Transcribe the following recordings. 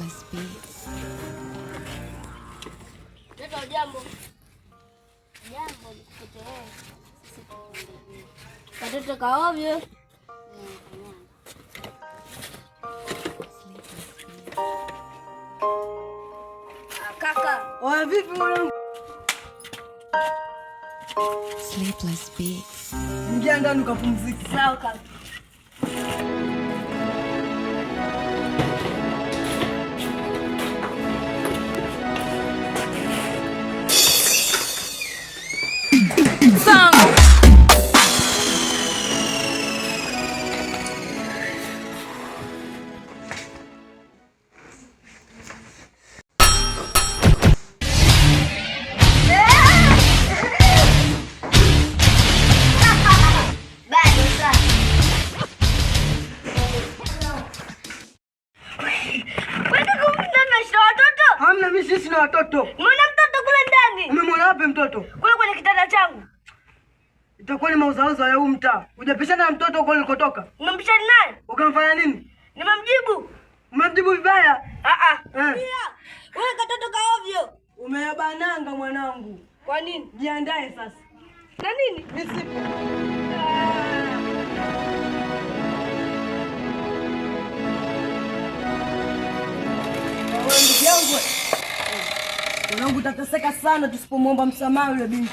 Nicholas Beats. jambo. Jambo Watoto kaovyo. Ah, kaka, wewe vipi Sleepless Beats. Ingia ndani ukapumzike. Sawa kaka. sina watoto. Mbona mtoto kule ndani? Umemwona wapi mtoto? Kule kwenye kitanda changu. Itakuwa ni mauzauza ya huu mtaa. Hujapishana na mtoto huko ulikotoka? Umempishana naye? Ukamfanya nini? Nimemjibu. Umemjibu vibaya? Ah ah. Eh. Wewe katoto ka ovyo. Umeyabananga mwanangu. Kwa nini? Jiandae sasa. Na nini? Misipo. Ah. Ndugu yangu Mwanangu tateseka sana tusipomwomba msamaha yule binti.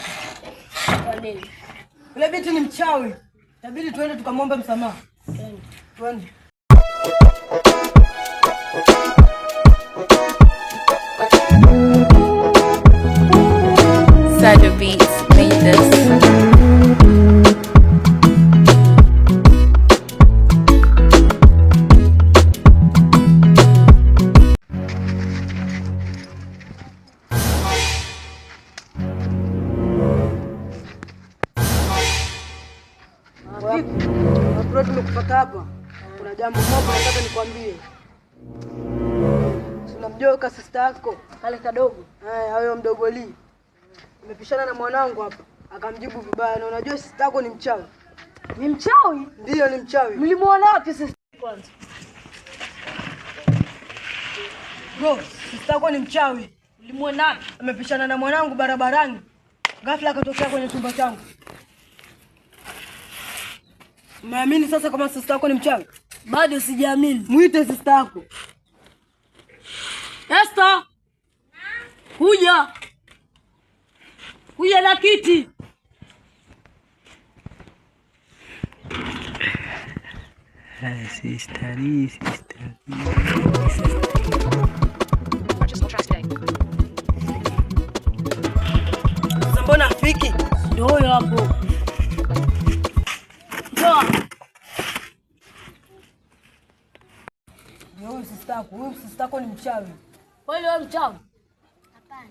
Kwa nini? Yule binti ni mchawi. Itabidi tuende tukamwombe msamaha. Twende. Twende. Nimekuita hapa, kuna jambo moja nataka nikwambie. Tunamjoka sista yako kale kadogo, eh, hayo mdogo Lee nimepishana na mwanangu hapa, akamjibu vibaya, na unajua sista yako ni mchawi. Ni mchawi? Ndiyo, ni mchawi. Mlimuona wapi sista kwanza? Bro, sista yako ni mchawi. Mlimuona wapi? Amepishana na mwanangu barabarani, ghafla akatokea kwenye chumba changu. Umeamini sasa kama sista yako ni mchawi? Bado sijaamini. Mwite sista yako. Esta, Kuja. Kuja na kiti. Eh, mbona fiki Ndio hapo. Mstako ni mchawi. Kweli wewe mchawi? Hapana.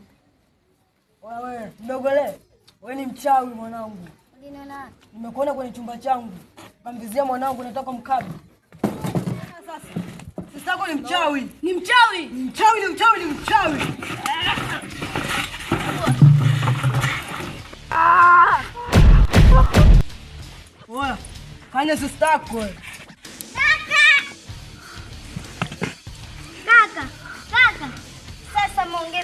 Wewe mdogo le, wewe ni mchawi mwanangu. Uliniona? Nimekuona kwenye chumba changu. Kamvizia mwanangu nataka mkabi. Sasa. Mstako ni mchawi. Ni mchawi. Ni mchawi, ni mchawi, ni mchawi. Ah! Oya, kanya sistako.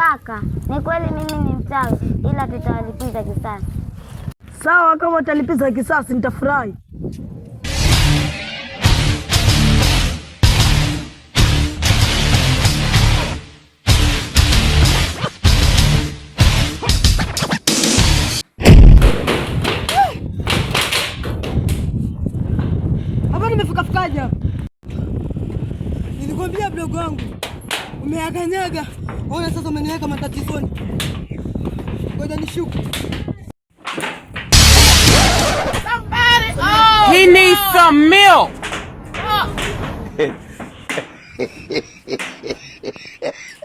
Kaka, ni kweli mimi ni mchawi, ila tutawalipiza kisasi. Sawa, kama utalipiza kisasi nitafurahi. Hapa nimefika fikaja, nilikwambia mdogo wangu umeaganyaga Ona sasa umeniweka matatizoni. Ngoja nishuke. He needs some milk.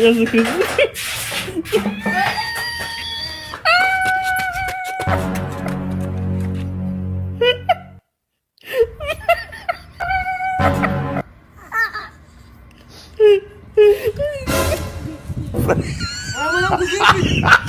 Yazık kız. Amına koyayım.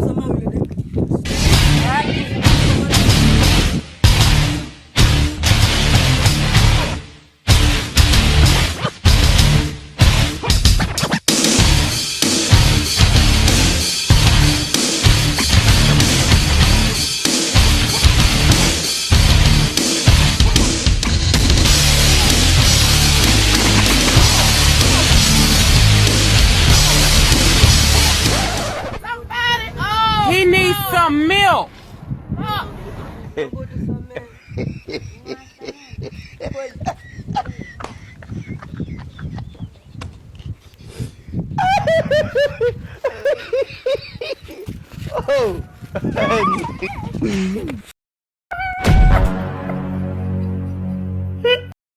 zaman meu! oh!